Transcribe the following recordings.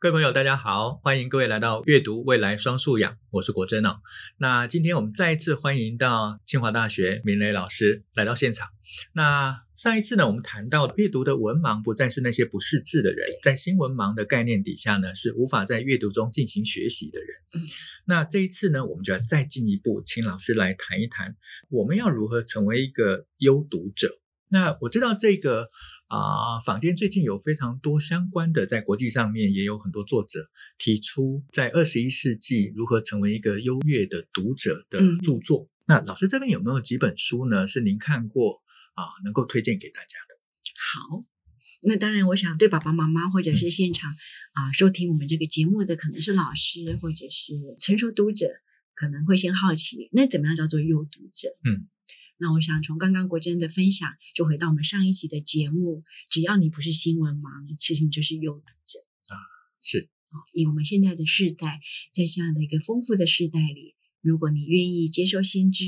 各位朋友，大家好，歡迎各位來到閱讀未來雙素養，我是國珍哦。那今天我們再一次歡迎到清華大學明蕾老師來到現場。那上一次呢，我們談到閱讀的文盲不再是那些不識字的人，在新文盲的概念底下呢，是無法在閱讀中進行學習的人。那這一次呢，我們就要再進一步，請老師來談一談，我們要如何成為一個優讀者。那我知道這個。啊，坊間最近有非常多相關的，在國際上面也有很多作者提出，在二十一世紀如何成為一個優越的讀者的著作。嗯。那老師這邊有沒有幾本書呢？是您看過啊，能夠推薦給大家的？好，那當然，我想對爸爸媽媽或者是現場，嗯，啊收聽我們這個節目的，可能是老師或者是成熟讀者，可能會先好奇，那怎麼樣叫做優讀者？嗯。那我想從剛剛國珍的分享，就回到我們上一集的節目。只要你不是新文盲，其實你就是優讀者啊。是，以我們現在的世代，在這樣的一個豐富的世代裡，如果你願意接受新知，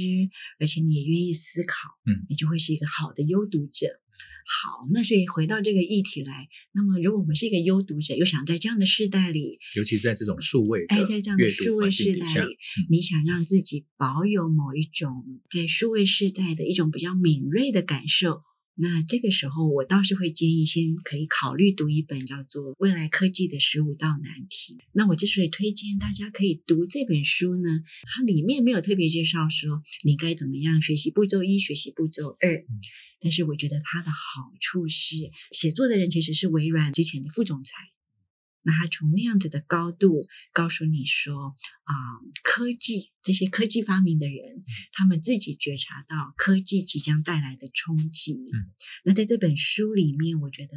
而且你也願意思考，嗯，你就會是一個好的優讀者。嗯好，那所以回到這個議題來，那麼如果我們是一個優讀者，又想在這樣的世代裡，尤其在這種數位，種數位哎，在這樣的數位世代裡，嗯，你想讓自己保有某一種在數位世代的一種比較敏銳的感受，那這個時候我倒是會建議先可以考慮讀一本叫做《未來科技的十五道難題》。那我之所以推薦大家可以讀這本書呢，它裡面沒有特別介紹說你該怎麼樣學習步驟一，學習步驟二。嗯但是我覺得他的好處是，寫作的人其實是微軟之前的副總裁，那他從那樣子的高度告訴你說啊、呃，科技這些科技發明的人、嗯，他們自己覺察到科技即將帶來的衝擊。嗯、那在這本書裡面，我覺得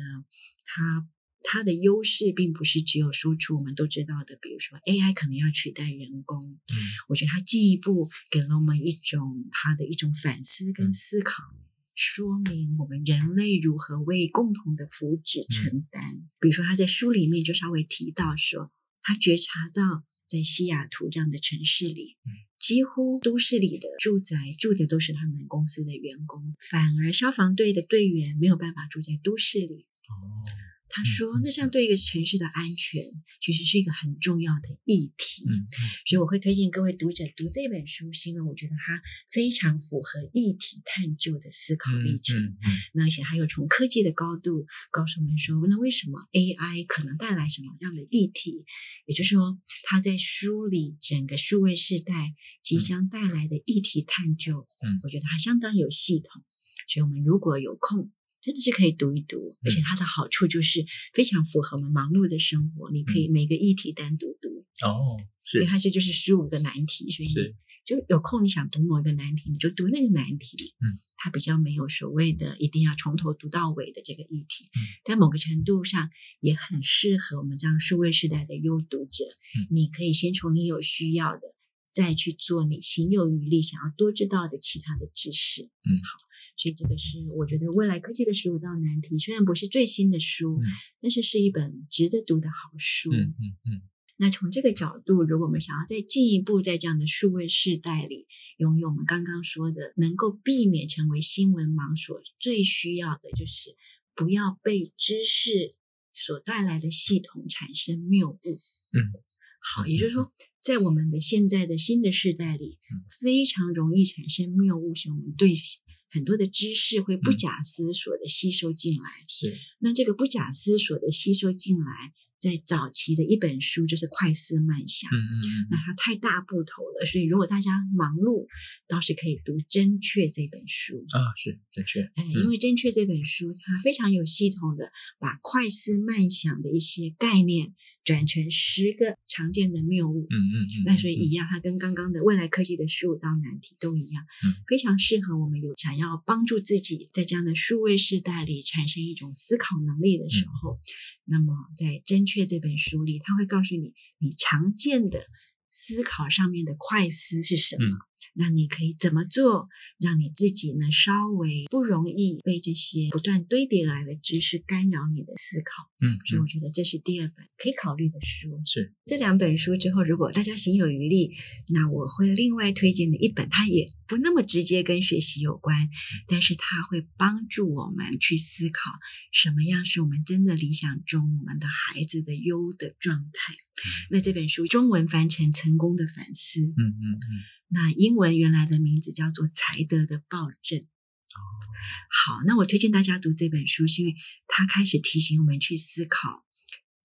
他他的優勢並不是只有輸出我們都知道的，比如說 AI 可能要取代人工、嗯，我覺得他進一步給了我們一種他的一種反思跟思考。嗯。說明我們人類如何為共同的福祉承擔。嗯。比如說，他在書裡面就稍微提到說，他覺察到在西雅圖這樣的城市裡，幾乎都市裡的住宅住的都是他們公司的員工，反而消防隊的隊員沒有辦法住在都市裡。哦。他說：“那像對一個城市的安全，嗯、其實是一個很重要的議題、嗯嗯。所以我會推薦各位讀者讀這本書，是因為我覺得它非常符合議題探究的思考歷程、嗯嗯。那而且還有從科技的高度告訴我們說，那為什麼 AI 可能帶來什麼樣的議題？也就是說，他在梳理整個數位時代即將帶來的議題探究，嗯、我覺得它相當有系統。嗯、所以我們如果有空。”真的是可以讀一讀，而且它的好處就是非常符合我們忙碌的生活。嗯、你可以每個議題單獨讀哦，所以它這就是十五個難題，所以就有空你想讀某一個難題，你就讀那個難題。嗯，它比較沒有所謂的一定要從頭讀到尾的這個議題、嗯，在某個程度上也很適合我們這樣數位時代的優讀者。嗯，你可以先從你有需要的，再去做你心有餘力想要多知道的其他的知識。嗯，好。所以這個是我覺得未來科技的十五道難題。雖然不是最新的書、嗯，但是是一本值得讀的好書。嗯嗯,嗯那從這個角度，如果我們想要再進一步，在這樣的數位時代裡，擁有我們剛剛說的能夠避免成為新文盲所最需要的，就是不要被知識所帶來的系統產生謬誤。嗯。嗯嗯嗯好，也就是說，在我們的現在的新的時代裡，非常容易產生謬誤，是我們對。很多的知識會不假思索的吸收進來，嗯，是。那這個不假思索的吸收進來，在早期的一本書就是《快思慢想》嗯嗯。那它太大部頭了，所以如果大家忙碌，倒是可以讀《真確》這本書啊。是真確、嗯。因為《真確》這本書，它非常有系統的把快思慢想的一些概念，轉成十個常見的謬誤，嗯嗯，嗯，那所以一樣，它跟剛剛的未來科技的十五道難題都一樣，嗯，非常適合我們有想要幫助自己在這樣的數位世代裡產生一種思考能力的時候，嗯，那麼在真確這本書裡，它會告訴你你常見的思考上面的快思是什麼。嗯那你可以怎麼做，讓你自己呢，稍微不容易被這些不斷堆疊來的知識干擾你的思考？嗯，嗯，所以我覺得這是第二本可以考慮的書。是這兩本書之後，如果大家行有餘力，那我會另外推薦的一本，它也不那麼直接跟學習有關，但是它會幫助我們去思考什麼樣是我們真的理想中我們的孩子的優的狀態。嗯、那這本書中文翻成《成功的反思》嗯。嗯嗯嗯。那英文原來的名字叫做“才德的暴政”。哦，好，那我推薦大家讀這本書，是因為他開始提醒我們去思考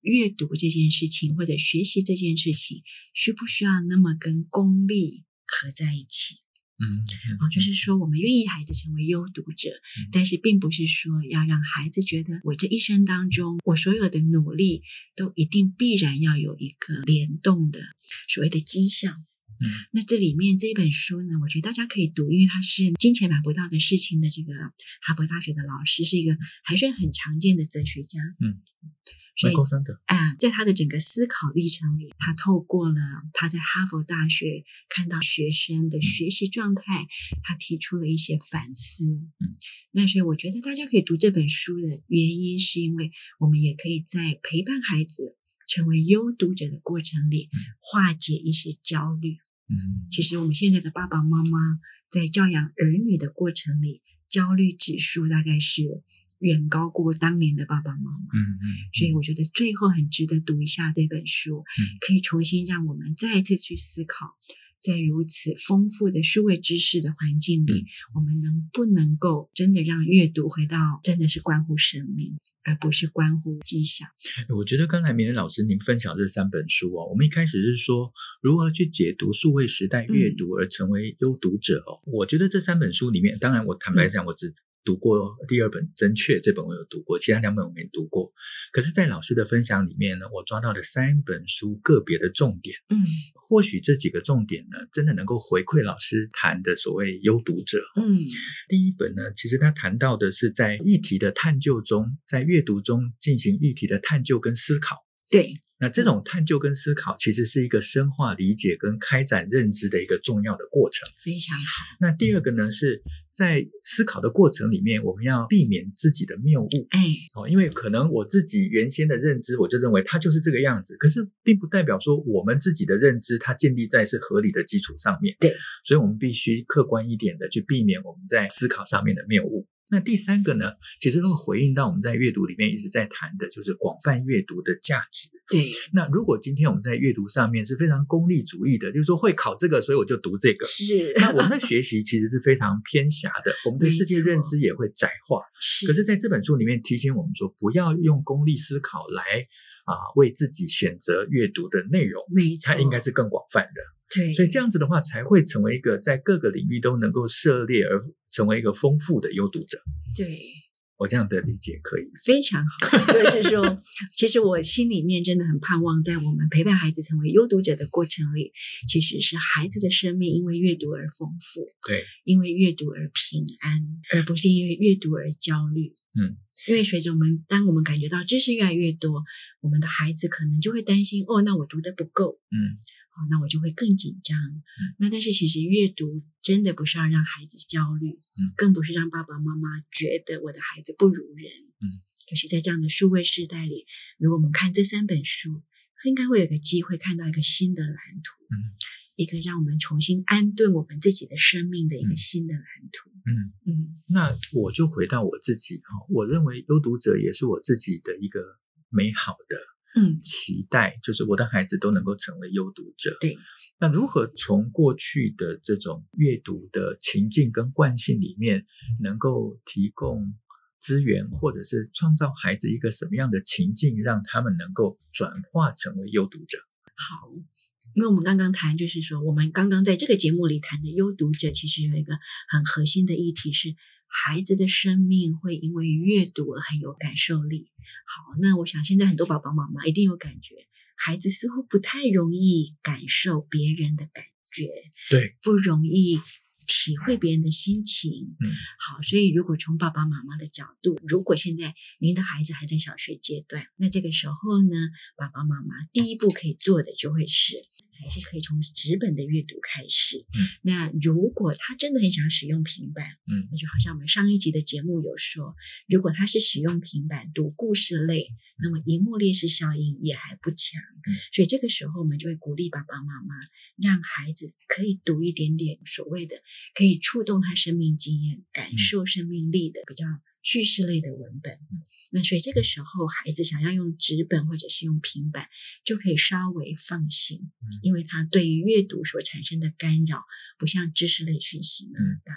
閱讀這件事情或者學習這件事情，需不需要那麼跟功利合在一起？嗯，啊、嗯嗯哦，就是說我們願意孩子成為優讀者、嗯，但是並不是說要讓孩子覺得我這一生當中我所有的努力都一定必然要有一個聯動的所謂的績效。嗯、那這裡面這一本書呢，我覺得大家可以讀，因為他是《金錢買不到的事情》的這個哈佛大學的老師，是一個還算很常見的哲學家。嗯，所以，麥可桑德爾、呃，在他的整個思考歷程裡，他透過了他在哈佛大學看到學生的學習狀態、嗯，他提出了一些反思。嗯，那所以我覺得大家可以讀這本書的原因，是因為我們也可以在陪伴孩子成為優讀者的過程裡、嗯，化解一些焦慮。嗯，其實我們現在的爸爸媽媽在教養兒女的過程裡，焦慮指數大概是遠高過當年的爸爸媽媽。嗯，所以我覺得最後很值得讀一下這本書，可以重新讓我們再次去思考，在如此豐富的數位知識的環境裡，嗯，我們能不能夠真的讓閱讀回到真的是關乎生命，而不是關乎技巧，嗯。我覺得剛才明蕾老師您分享這三本書哦，我們一開始是說如何去解讀數位時代閱讀而成為優讀者哦。我覺得這三本書裡面，當然我坦白講，我自己，嗯。讀過第二本《真確》，這本我有讀過，其他兩本我沒讀過。可是，在老師的分享裡面呢，我抓到了三本書個別的重點。嗯，或許這幾個重點呢，真的能夠回饋老師談的所謂優讀者。嗯，第一本呢，其實他談到的是在議題的探究中，在閱讀中進行議題的探究跟思考。對。那這種探究跟思考，其實是一個深化理解跟開展認知的一個重要的過程。非常好。那第二個呢，是在思考的過程裡面，我們要避免自己的謬誤。哎、哦，因為可能我自己原先的認知，我就認為它就是這個樣子，可是並不代表說我們自己的認知它建立在是合理的基礎上面。對，所以我們必須客觀一點的去避免我們在思考上面的謬誤。那第三個呢，其實會回應到我們在閱讀裡面一直在談的，就是廣泛閱讀的價值。對，那如果今天我們在閱讀上面是非常功利主義的，就是說會考這個，所以我就讀這個。是。那我們的學習其實是非常偏狹的， 我們對世界認知也會窄化。可是在這本書裡面提醒我們說，不要用功利思考來啊為自己選擇閱讀的內容。沒錯。它應該是更廣泛的。對。所以這樣子的話，才會成為一個在各個領域都能夠涉獵而。成為一個豐富的優讀者，對，我這樣的理解可以？非常好。所以說，其實我心裡面真的很盼望，在我們陪伴孩子成為優讀者的過程裡，其實是孩子的生命因為閱讀而豐富，對，因為閱讀而平安，而不是因為閱讀而焦慮。嗯。因為隨着我們，當我們感覺到知識越來越多，我們的孩子可能就會擔心，哦，那我讀的不夠，嗯，哦，那我就會更緊張，嗯。那但是其實閱讀真的不是要讓孩子焦慮，嗯，更不是讓爸爸媽媽覺得我的孩子不如人，嗯，尤其在這樣的數位時代裡，如果我們看這三本書，應該會有個機會看到一個新的藍圖，嗯。一個讓我們重新安頓我們自己的生命的一個新的藍圖。嗯嗯，那我就回到我自己哈，我認為優讀者也是我自己的一個美好的嗯期待嗯，就是我的孩子都能夠成為優讀者。對，那如何從過去的這種閱讀的情境跟慣性裡面，能夠提供資源，或者是創造孩子一個什麼樣的情境，讓他們能夠轉化成為優讀者？好。因為我們剛剛談，就是說，我們剛剛在這個節目裡談的優讀者，其實有一個很核心的議題是孩子的生命會因為閱讀而很有感受力。好，那我想現在很多爸爸媽媽一定有感覺，孩子似乎不太容易感受別人的感覺，對，不容易體會別人的心情。嗯，好，所以如果從爸爸媽媽的角度，如果現在您的孩子還在小學階段，那這個時候呢，爸爸媽媽第一步可以做的就會是。還是可以從紙本的閱讀開始。嗯。那如果他真的很想使用平板，嗯，那就好像我們上一集的節目有說，如果他是使用平板讀故事類，嗯，那麼熒幕劣勢效應也還不強。嗯。所以這個時候我們就會鼓勵爸爸媽媽讓孩子可以讀一點點所謂的可以觸動他生命經驗、感受生命力的比較。敘事類的文本，那所以這個時候孩子想要用紙本或者是用平板，就可以稍微放心，因為他對於閱讀所產生的干擾，不像知識類訊息那麼大。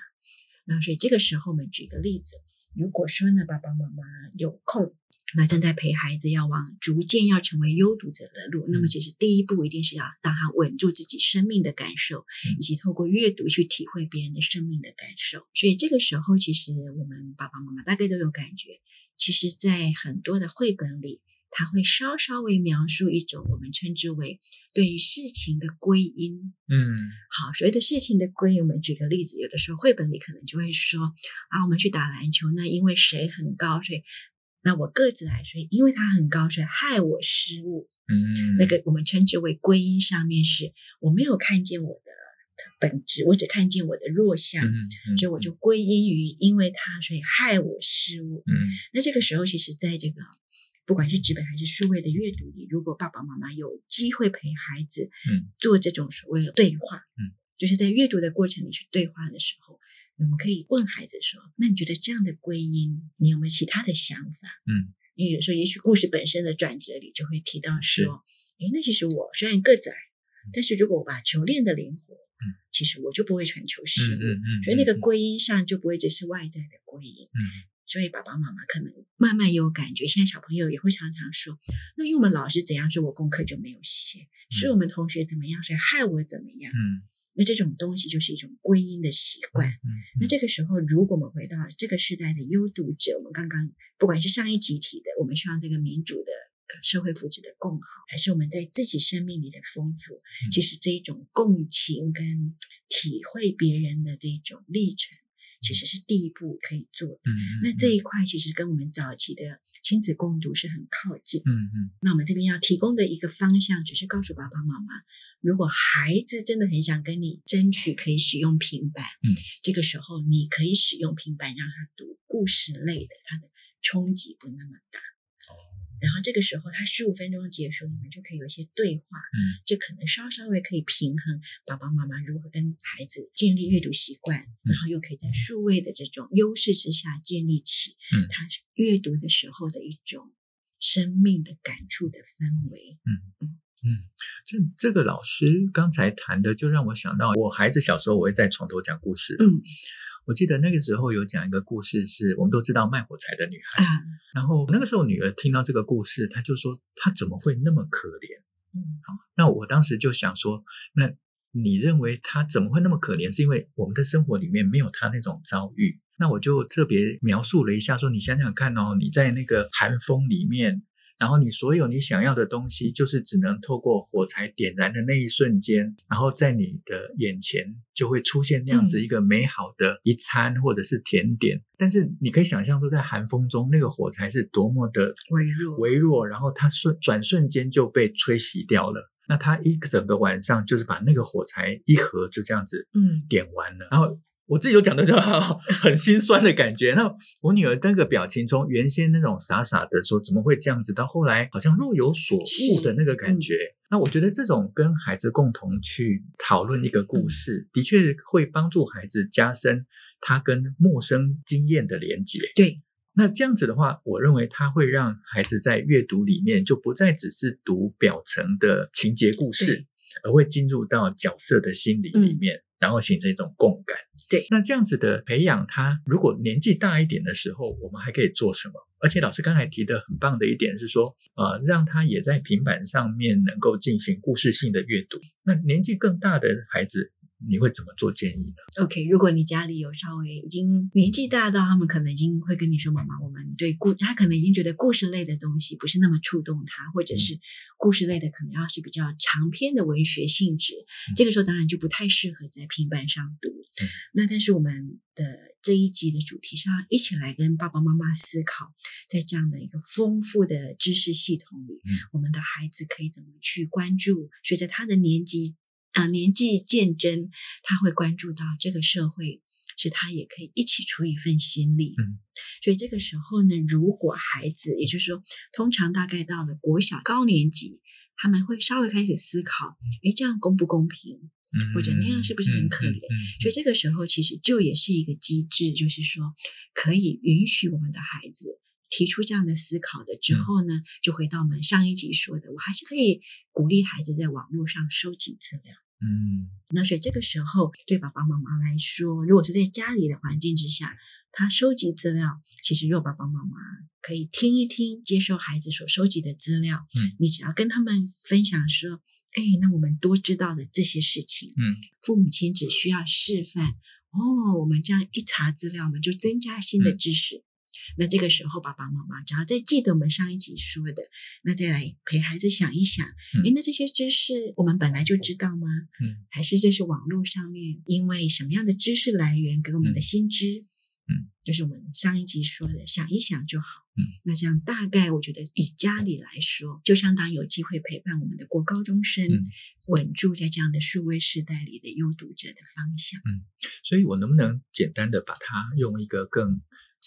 那所以這個時候，我們舉個例子，如果說呢，爸爸媽媽有空。那正在陪孩子要往逐漸要成為優讀者的路，嗯，那麼其實第一步一定是要讓他穩住自己生命的感受，嗯，以及透過閱讀去體會別人的生命的感受。所以這個時候，其實我們爸爸媽媽大概都有感覺，其實在很多的繪本裡，他會稍稍微描述一種我們稱之為對於事情的歸因。嗯，好，所謂的事情的歸因，我們舉個例子，有的時候繪本裡可能就會說啊，我們去打籃球，那因為誰很高，所以。那我個子矮，所以因為他很高，所以害我失誤。嗯，那個我們稱之為歸因，上面是我沒有看見我的本質，我只看見我的弱項，嗯，嗯，所以我就歸因於因為他，所以害我失誤。嗯，那這個時候其實，在這個不管是紙本還是數位的閱讀裡，如果爸爸媽媽有機會陪孩子，嗯，做這種所謂的對話，嗯，就是在閱讀的過程裡去對話的時候，我們可以問孩子說：“那你覺得這樣的歸因，你有沒有其他的想法？”嗯，因為有時候也許故事本身的轉折裡就會提到說：“哎，那其實我雖然個子矮、嗯，但是如果我把球練得靈活，嗯，其實我就不會傳球失誤。嗯嗯，嗯，嗯，所以那個歸因上就不會只是外在的歸因。嗯，所以爸爸媽媽可能慢慢有感覺，現在小朋友也會常常說：‘那因為我們老師怎樣說我功課就沒有寫、嗯，是我們同學怎麼樣才害我怎麼樣？’嗯。那這種東西就是一種歸因的習慣。嗯嗯、那這個時候，如果我們回到這個時代的優讀者，我們剛剛不管是上一集提的，我們希望這個民主的社會福祉的共好，還是我們在自己生命裡的豐富，嗯、其實這一種共情跟體會別人的這種歷程，嗯、其實是第一步可以做的、嗯嗯。那這一塊其實跟我們早期的親子共讀是很靠近。嗯嗯。那我們這邊要提供的一個方向，只、就是告訴爸爸媽媽，媽。如果孩子真的很想跟你爭取可以使用平板，嗯，這個時候你可以使用平板讓他讀故事類的，他的衝擊不那麼大，哦。然後這個時候他十五分鐘結束，你們就可以有一些對話，嗯，就可能稍稍微可以平衡爸爸媽媽如何跟孩子建立閱讀習慣，嗯，然後又可以在數位的這種優勢之下建立起他閱讀的時候的一種生命的感觸的氛圍，嗯。嗯嗯，這這個老師剛才談的，就讓我想到我孩子小時候，我會在床頭講故事。嗯，我記得那個時候有講一個故事，是我們都知道賣火柴的女孩，啊。然後那個時候女兒聽到這個故事，她就說：“她怎麼會那麼可憐？”嗯，好，那我當時就想說：“那你認為她怎麼會那麼可憐？是因為我們的生活裡面沒有她那種遭遇？”那我就特別描述了一下，說：“你想想看哦，你在那個寒風裡面。”然後你所有你想要的東西，就是只能透過火柴點燃的那一瞬間，然後在你的眼前就會出現那樣子一個美好的一餐或者是甜點。嗯、但是你可以想象說，在寒風中，那個火柴是多麼的微弱，微弱，微弱，然後它瞬轉瞬間就被吹熄掉了。那它一整個晚上就是把那個火柴一盒就這樣子，嗯，點完了，嗯、然後。我自己有講的就很心酸的感覺。那我女兒那個表情，從原先那種傻傻的，說怎麼會這樣子，到後來好像若有所悟的那個感覺、嗯。那我覺得這種跟孩子共同去討論一個故事，嗯、的確會幫助孩子加深他跟陌生經驗的連結。對，那這樣子的話，我認為他會讓孩子在閱讀裡面就不再只是讀表層的情節故事、嗯，而會進入到角色的心理裡面。嗯嗯然後形成一種共感，對。那這樣子的培養他，他如果年紀大一點的時候，我們還可以做什麼？而且老師剛才提的很棒的一點是說，呃，讓他也在平板上面能夠進行故事性的閱讀。那年紀更大的孩子。你會怎麼做建議呢？OK，如果你家裡有稍微已經年紀大到他們可能已經會跟你說：“嗯、媽媽，我們對故他可能已經覺得故事類的東西不是那麼觸動他，或者是故事類的可能要是比較長篇的文學性質，嗯、這個時候當然就不太適合在平板上讀，嗯。那但是我們的這一集的主題是要一起來跟爸爸媽媽思考，在這樣的一個豐富的知識系統裡，嗯、我們的孩子可以怎麼去關注，隨着他的年紀。啊，年紀漸增，他會關注到這個社會，是他也可以一起出一份心力。嗯，所以這個時候呢，如果孩子，也就是說，通常大概到了國小高年級，他們會稍微開始思考，哎，這樣公不公平？嗯，或者那樣是不是很可憐？所以這個時候其實就也是一個機制，就是說可以允許我們的孩子。提出這樣的思考的之後呢，嗯，就回到我們上一集說的，我還是可以鼓勵孩子在網絡上收集資料。嗯，那所以這個時候，對爸爸媽媽來說，如果是在家裡的環境之下，他收集資料，其實若爸爸媽媽可以聽一聽，接受孩子所收集的資料。嗯，你只要跟他們分享說，哎，那我們多知道了這些事情。嗯，父母親只需要示範，哦，我們這樣一查資料呢，我們就增加新的知識。嗯那這個時候，爸爸媽媽只要再記得我們上一集說的，那再來陪孩子想一想，哎、嗯、那這些知識我們本來就知道嗎？嗯，還是這是網絡上面因為什麼樣的知識來源給我們的新知嗯？嗯，就是我們上一集說的，想一想就好。嗯，那這樣大概我覺得以家裡來說，就相當有機會陪伴我們的國高中生、嗯、穩住在這樣的數位時代裡的優讀者的方向。嗯，所以我能不能簡單的把它用一個更。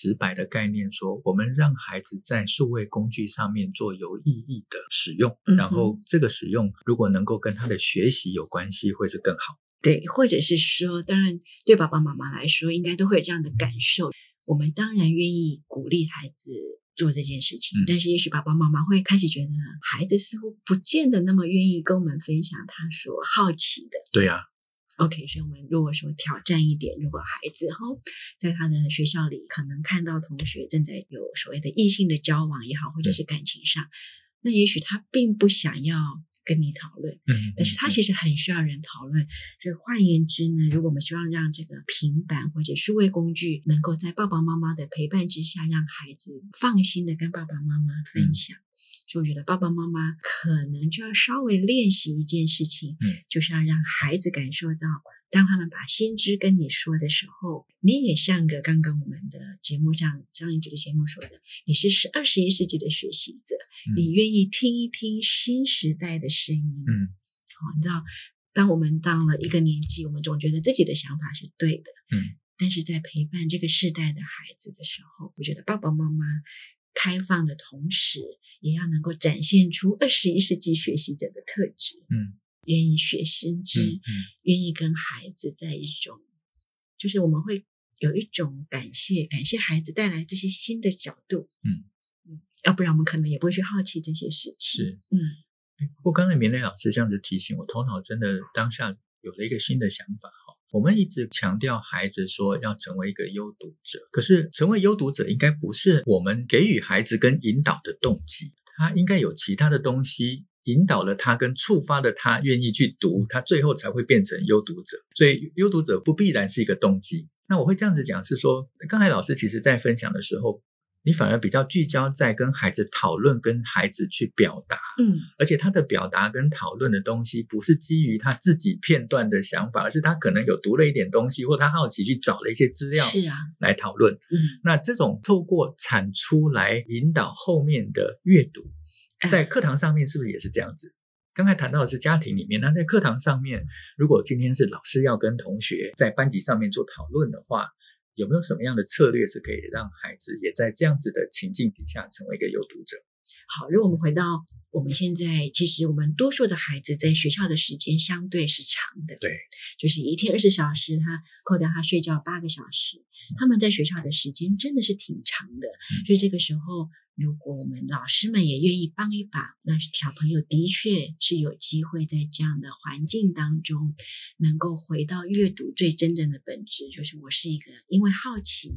直白的概念說，我們讓孩子在數位工具上面做有意義的使用，嗯、然後這個使用如果能夠跟他的學習有關係，會是更好。對，或者是說，當然對爸爸媽媽來說，應該都會有這樣的感受。嗯、我們當然願意鼓勵孩子做這件事情，嗯、但是也許爸爸媽媽會開始覺得，孩子似乎不見得那麼願意跟我們分享他所好奇的。對呀、啊。OK，所以我們如果說挑戰一點，如果孩子吼在他的學校裡，可能看到同學正在有所謂的異性的交往也好，或者是感情上，那也許他並不想要。跟你討論，嗯，但是他其實很需要人討論。所以、嗯、嗯、換言之呢，如果我們希望讓這個平板或者數位工具能夠在爸爸媽媽的陪伴之下，讓孩子放心的跟爸爸媽媽分享，所以我覺得爸爸媽媽可能就要稍微練習一件事情，嗯、就是要讓孩子感受到。當他們把新知跟你說的時候，你也像個剛剛我們的節目上上一這個節目說的，你是二十一世紀的學習者，你願意聽一聽新時代的聲音，嗯，好、哦，你知道，當我們到了一個年紀，我們總覺得自己的想法是對的，嗯，但是在陪伴這個世代的孩子的時候，我覺得爸爸媽媽開放的同時，也要能夠展現出二十一世紀學習者的特質，嗯。願意學新知嗯，嗯，願意跟孩子在一種，就是我們會有一種感謝，感謝孩子帶來這些新的角度，嗯，嗯，要不然我們可能也不會去好奇這些事情，是，嗯。哎，不過剛才明蕾老師這樣子提醒我，頭腦真的當下有了一個新的想法，我們一直強調孩子說要成為一個優讀者，可是成為優讀者應該不是我們給予孩子跟引導的動機，他應該有其他的東西。引導了他跟觸發了他願意去讀，他最後才會變成優讀者。所以優讀者不必然是一個動機。那我會這樣子講，是說，剛才老師其實在分享的時候，你反而比較聚焦在跟孩子討論，跟孩子去表達，嗯，而且他的表達跟討論的東西，不是基於他自己片段的想法，而是他可能有讀了一點東西，或他好奇去找了一些資料，是啊，來討論，嗯，那這種透過產出來引導後面的閱讀。在課堂上面是不是也是這樣子？剛才談到的是家庭裡面，那在課堂上面，如果今天是老師要跟同學在班級上面做討論的話，有沒有什麼樣的策略是可以讓孩子也在這樣子的情境底下成為一個優讀者？好，如果我們回到我們現在，其實我們多數的孩子在學校的時間相對是長的，對，就是一天二十小時，他扣掉他睡覺八個小時，他們在學校的時間真的是挺長的，嗯、所以這個時候。如果我們老師們也願意幫一把，那小朋友的確是有機會在這樣的環境當中，能夠回到閱讀最真正的本質，就是我是一個因為好奇，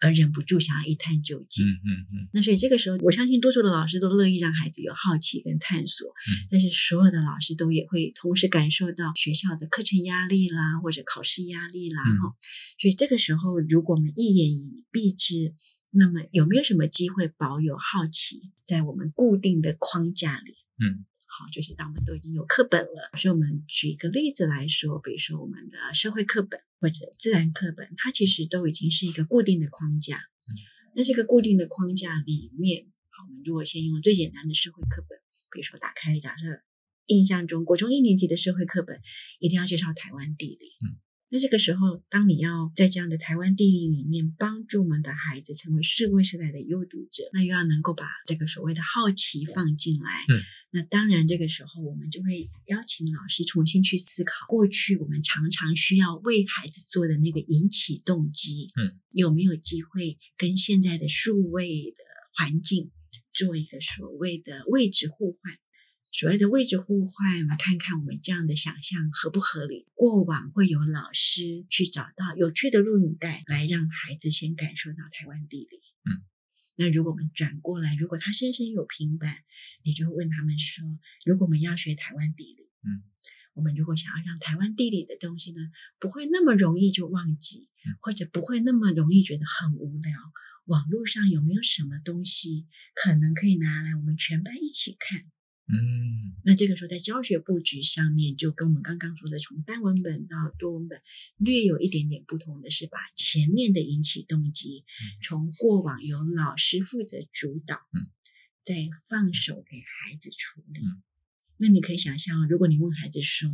而忍不住想要一探究竟，嗯嗯嗯。那所以這個時候，我相信多數的老師都樂意讓孩子有好奇跟探索，嗯，但是所有的老師都也會同時感受到學校的課程壓力啦，或者考試壓力啦，哈，嗯。所以這個時候，如果我們一言以蔽之。那麼有沒有什麼機會保有好奇，在我們固定的框架裡？嗯，好，就是當我們都已經有課本了，所以我們舉一個例子來說，比如說我們的社會課本或者自然課本，它其實都已經是一個固定的框架。嗯，那這個固定的框架裡面，好，我們如果先用最簡單的社會課本，比如說打開，假設印象中，國中一年級的社會課本，一定要介紹台灣地理。嗯。那這個時候，當你要在這樣的台灣地理裡面幫助我們的孩子成為數位時代的優讀者，那又要能夠把這個所謂的好奇放進來。嗯，那當然，這個時候我們就會邀請老師重新去思考，過去我們常常需要為孩子做的那個引起動機，嗯，有沒有機會跟現在的數位的環境做一個所謂的位置互換？所謂的位置互換，來看看我們這樣的想象合不合理。過往會有老師去找到有趣的錄影帶來讓孩子先感受到台灣地理。嗯，那如果我們轉過來，如果他身上有平板，你就問他們說，如果我們要學台灣地理，嗯，我們如果想要讓台灣地理的東西呢，不會那麼容易就忘記，嗯、或者不會那麼容易覺得很無聊，網絡上有沒有什麼東西可能可以拿來我們全班一起看？嗯，那這個時候在教學佈局上面，就跟我們剛剛說的從單文本到多文本，略有一點點不同的是，把前面的引起動機從過往由老師負責主導，再放手給孩子處理。嗯，那你可以想象，如果你問孩子說：“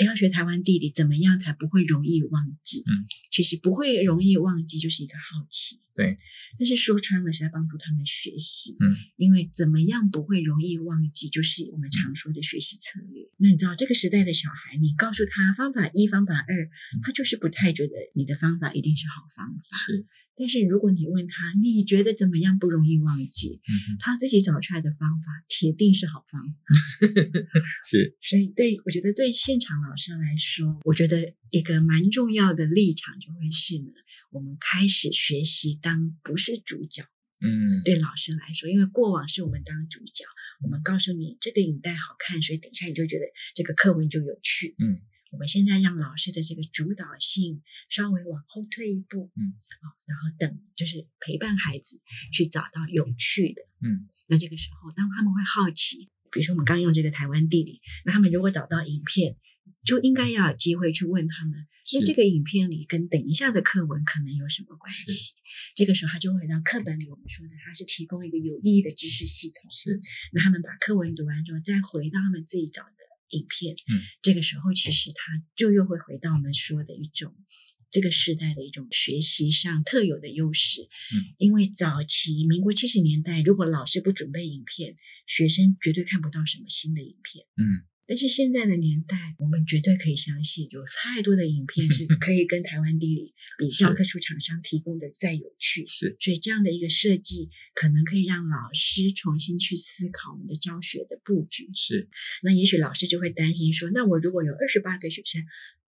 哎，嗯，要學台灣地理，怎麼樣才不會容易忘記？”嗯，其實不會容易忘記就是一個好奇。對，但是說穿了是在幫助他們學習，嗯，因為怎麼樣不會容易忘記，就是我們常說的學習策略。那你知道這個時代的小孩，你告訴他方法一、方法二，嗯，他就是不太覺得你的方法一定是好方法。是，但是如果你問他你覺得怎麼樣不容易忘記，嗯，他自己找出來的方法，鐵定是好方法。 是，所以對，我覺得對現場老師來說，我覺得一個蠻重要的立場就會是呢。我們開始學習當不是主角，嗯，對老師來說，因為過往是我們當主角，我們告訴你這個影帶好看，所以等一下你就覺得這個課文就有趣，嗯，我們現在讓老師的這個主導性稍微往後退一步，嗯，然後等就是陪伴孩子去找到有趣的，嗯，那這個時候當他們會好奇，比如說我們剛用這個台灣地理，那他們如果找到影片。就應該要有機會去問他們，那這個影片裡跟等一下的課文可能有什麼關係？是是是，這個時候他就會讓課本裡我們說的，他是提供一個有意義的知識系統。是，是，那他們把課文讀完之後，再回到他們自己找的影片。嗯、這個時候其實他就又會回到我們說的一種、嗯、這個時代的一種學習上特有的優勢。嗯、因為早期民國七十年代，如果老師不準備影片，學生絕對看不到什麼新的影片。嗯。但是現在的年代，我們絕對可以相信，有太多的影片是可以跟台灣地理比教科書廠商提供的再有趣。是，所以這樣的一個設計，可能可以讓老師重新去思考我們的教學的布局。是，那也許老師就會擔心說，那我如果有二十八個學生，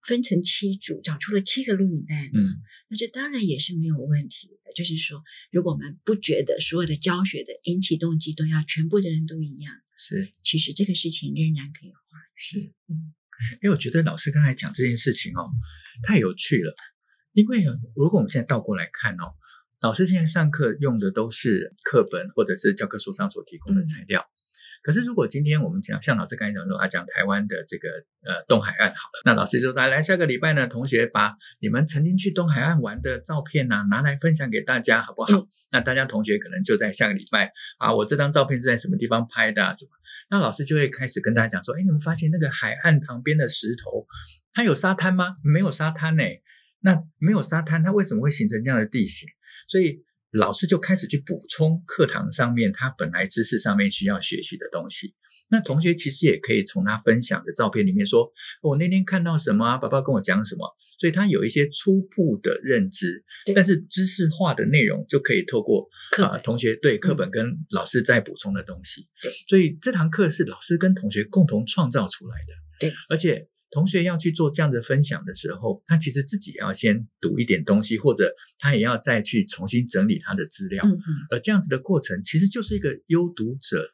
分成七組，找出了七個錄影帶，嗯，那這當然也是沒有問題的。就是說，如果我們不覺得所有的教學的引起動機都要全部的人都一樣。是，其實這個事情仍然可以化。是，嗯，為、欸、我覺得老師剛才講這件事情哦，太有趣了。因為如果我們現在倒過來看哦，老師現在上課用的都是課本或者是教科書上所提供的材料。嗯可是，如果今天我們講，像老師剛才講說啊，講台灣的這個呃東海岸，好了，那老師就說，來來下個禮拜呢，同學把你們曾經去東海岸玩的照片啊，拿來分享給大家，好不好？ 那大家同學可能就在下個禮拜啊，我這張照片是在什麼地方拍的啊？什麼？那老師就會開始跟大家講說，哎，你們發現那個海岸旁邊的石頭，它有沙灘嗎？沒有沙灘誒、欸，那沒有沙灘，它為什麼會形成這樣的地形？所以。老師就開始去補充課堂上面他本來知識上面需要學習的東西。那同學其實也可以從他分享的照片裡面說，我、哦、那天看到什麼，爸爸跟我講什麼，所以他有一些初步的認知，但是知識化的內容就可以透過課、呃、同學對課本跟老師再補充的東西、嗯對。所以這堂課是老師跟同學共同創造出來的。對，而且。同學要去做這樣的分享的時候，他其實自己要先讀一點東西，或者他也要再去重新整理他的資料。嗯嗯。而這樣子的過程，其實就是一個優讀者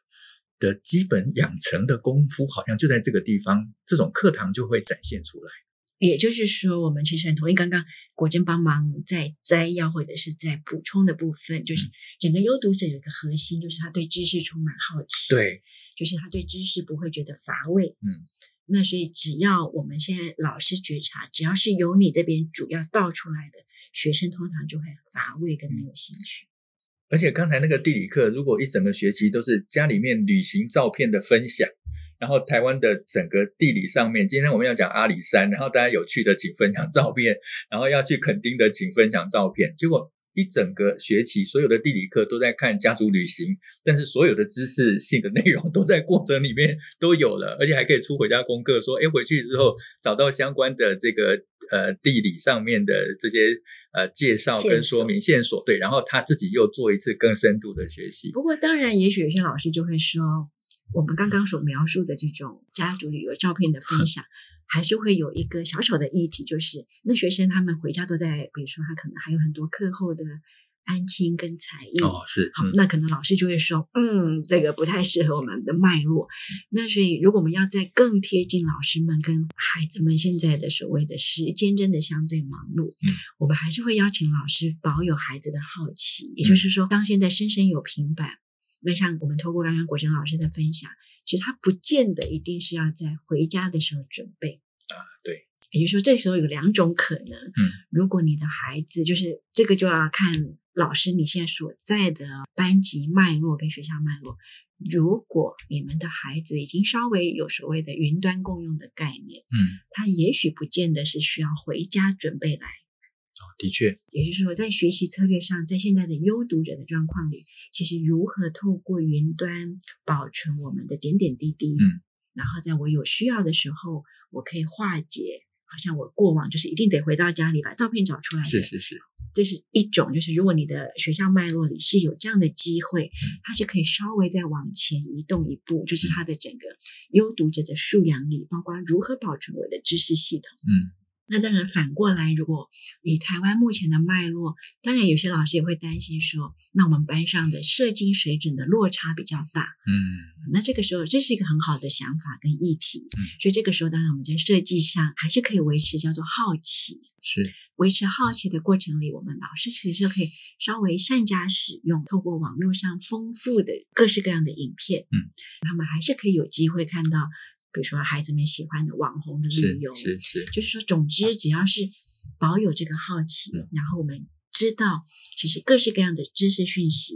的基本養成的功夫，好像就在這個地方，這種課堂就會展現出來。也就是說，我們其實很同意剛剛國珍幫忙在摘要或者是在補充的部分，就是整個優讀者有一個核心，就是他對知識充滿好奇。對、嗯，就是他對知識不會覺得乏味。嗯。那所以，只要我們現在老師覺察，只要是由你這邊主要倒出來的學生，通常就會乏味跟沒有興趣。而且剛才那個地理課，如果一整個學期都是家裡面旅行照片的分享，然後台灣的整個地理上面，今天我們要講阿里山，然後大家有趣的請分享照片，然後要去墾丁的請分享照片，結果。一整個學期，所有的地理課都在看家族旅行，但是所有的知識性的內容都在過程裡面都有了，而且還可以出回家功課說，說哎回去之後找到相關的這個呃地理上面的這些呃介紹跟說明線索，線索，對，然後他自己又做一次更深度的學習。不過當然，也許有些老師就會說，我們剛剛所描述的這種家族旅遊照片的分享。還是會有一個小小的議題，就是那學生他們回家都在，比如說他可能還有很多課後的安親跟才藝哦，是、嗯好，那可能老師就會說，嗯，這個不太適合我們的脈絡。嗯、那所以，如果我們要再更貼近老師們跟孩子們現在的所謂的時間真的相對忙碌，嗯、我們還是會邀請老師保有孩子的好奇、嗯，也就是說，當現在學生有平板，那像我們透過剛剛國珍老師的分享。其實他不見得一定是要在回家的時候準備啊，對。也就是說，這時候有兩種可能，嗯，如果你的孩子就是這個，就要看老師你現在所在的班級脈絡跟學校脈絡。如果你們的孩子已經稍微有所謂的雲端共用的概念，嗯，他也許不見得是需要回家準備來。哦、的確，也就是說，在學習策略上，在現在的優讀者的狀況裡，其實如何透過雲端保存我們的點點滴滴，嗯，然後在我有需要的時候，我可以化解，好像我過往就是一定得回到家裡把照片找出來，是是是，這、就是一種，就是如果你的學校脈絡裡是有這樣的機會，它、嗯、是可以稍微再往前移動一步，就是它的整個優讀者的素養裡，包括如何保存我的知識系統，嗯。那當然，反過來，如果以台灣目前的脈絡，當然有些老師也會擔心說，那我們班上的社經水準的落差比較大。嗯，那這個時候，這是一個很好的想法跟議題。嗯，所以這個時候，當然我們在設計上還是可以維持叫做好奇，是維持好奇的過程裡，我們老師其實是可以稍微善加使用，透過網絡上豐富的各式各樣的影片，嗯，他們還是可以有機會看到。比如說孩子們喜歡的網紅的旅遊，是是，是，就是說，總之只要是保有這個好奇，然後我們知道，其實各式各樣的知識訊息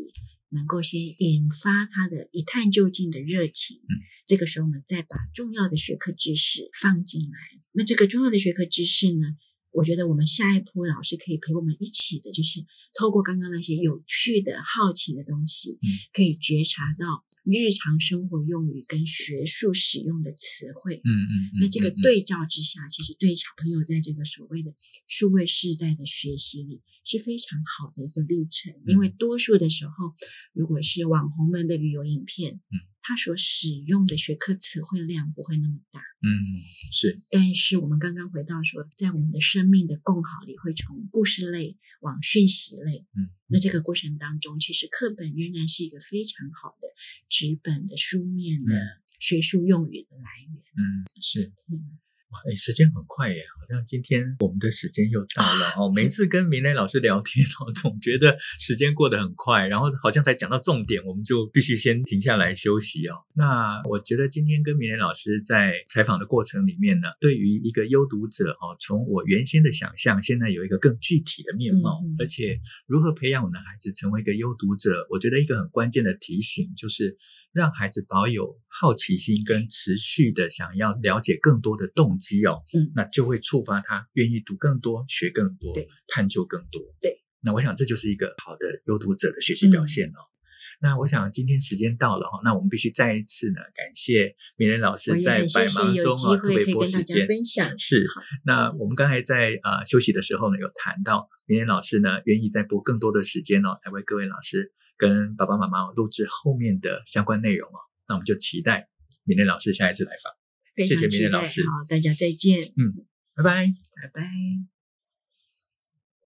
能夠先引發他的一探究竟的熱情，嗯，這個時候我們再把重要的學科知識放進來。那這個重要的學科知識呢，我覺得我們下一步老師可以陪我們一起的，就是透過剛剛那些有趣的好奇的東西，嗯，可以覺察到。日常生活用語跟學術使用的詞彙，嗯嗯，嗯，嗯嗯，那這個對照之下，其實對小朋友在這個所謂的數位世代的學習裡，是非常好的一個歷程，因為多數的時候，如果是網紅們的旅遊影片，它、他所使用的學科詞彙量不會那麼大，嗯，是。但是我們剛剛回到說，在我們的生命的共好裡，會從故事類往訊息類，嗯，嗯，那這個過程當中，其實課本仍然是一個非常好的紙本的書面的學術用語的來源，嗯，是，是，嗯。哎，時間很快耶，好像今天我們的時間又到了哦、啊。每次跟明蕾老師聊天哦，總覺得時間過得很快，然後好像才講到重點，我們就必須先停下來休息哦。那我覺得今天跟明蕾老師在採訪的過程裡面呢，對於一個優讀者哦，從我原先的想象，現在有一個更具體的面貌，嗯嗯，而且如何培養我的孩子成為一個優讀者，我覺得一個很關鍵的提醒就是。讓孩子保有好奇心跟持續的想要了解更多的動機哦，嗯，那就會觸發他願意讀更多、學更多、哦、探究更多。對，那我想這就是一個好的優讀者的學習表現哦、嗯。那我想今天時間到了哈、哦，那我們必須再一次呢感謝明蕾老師在百忙中啊特別撥時間跟大家分享是。是，那我們剛才在啊、呃、休息的時候呢，有談到明蕾老師呢願意再撥更多的時間哦，來為各位老師。跟爸爸媽媽錄製後面的相關內容哦，那我們就期待明蕾老師下一次來訪。謝謝明蕾老師，好，大家再見。嗯，拜拜，拜拜。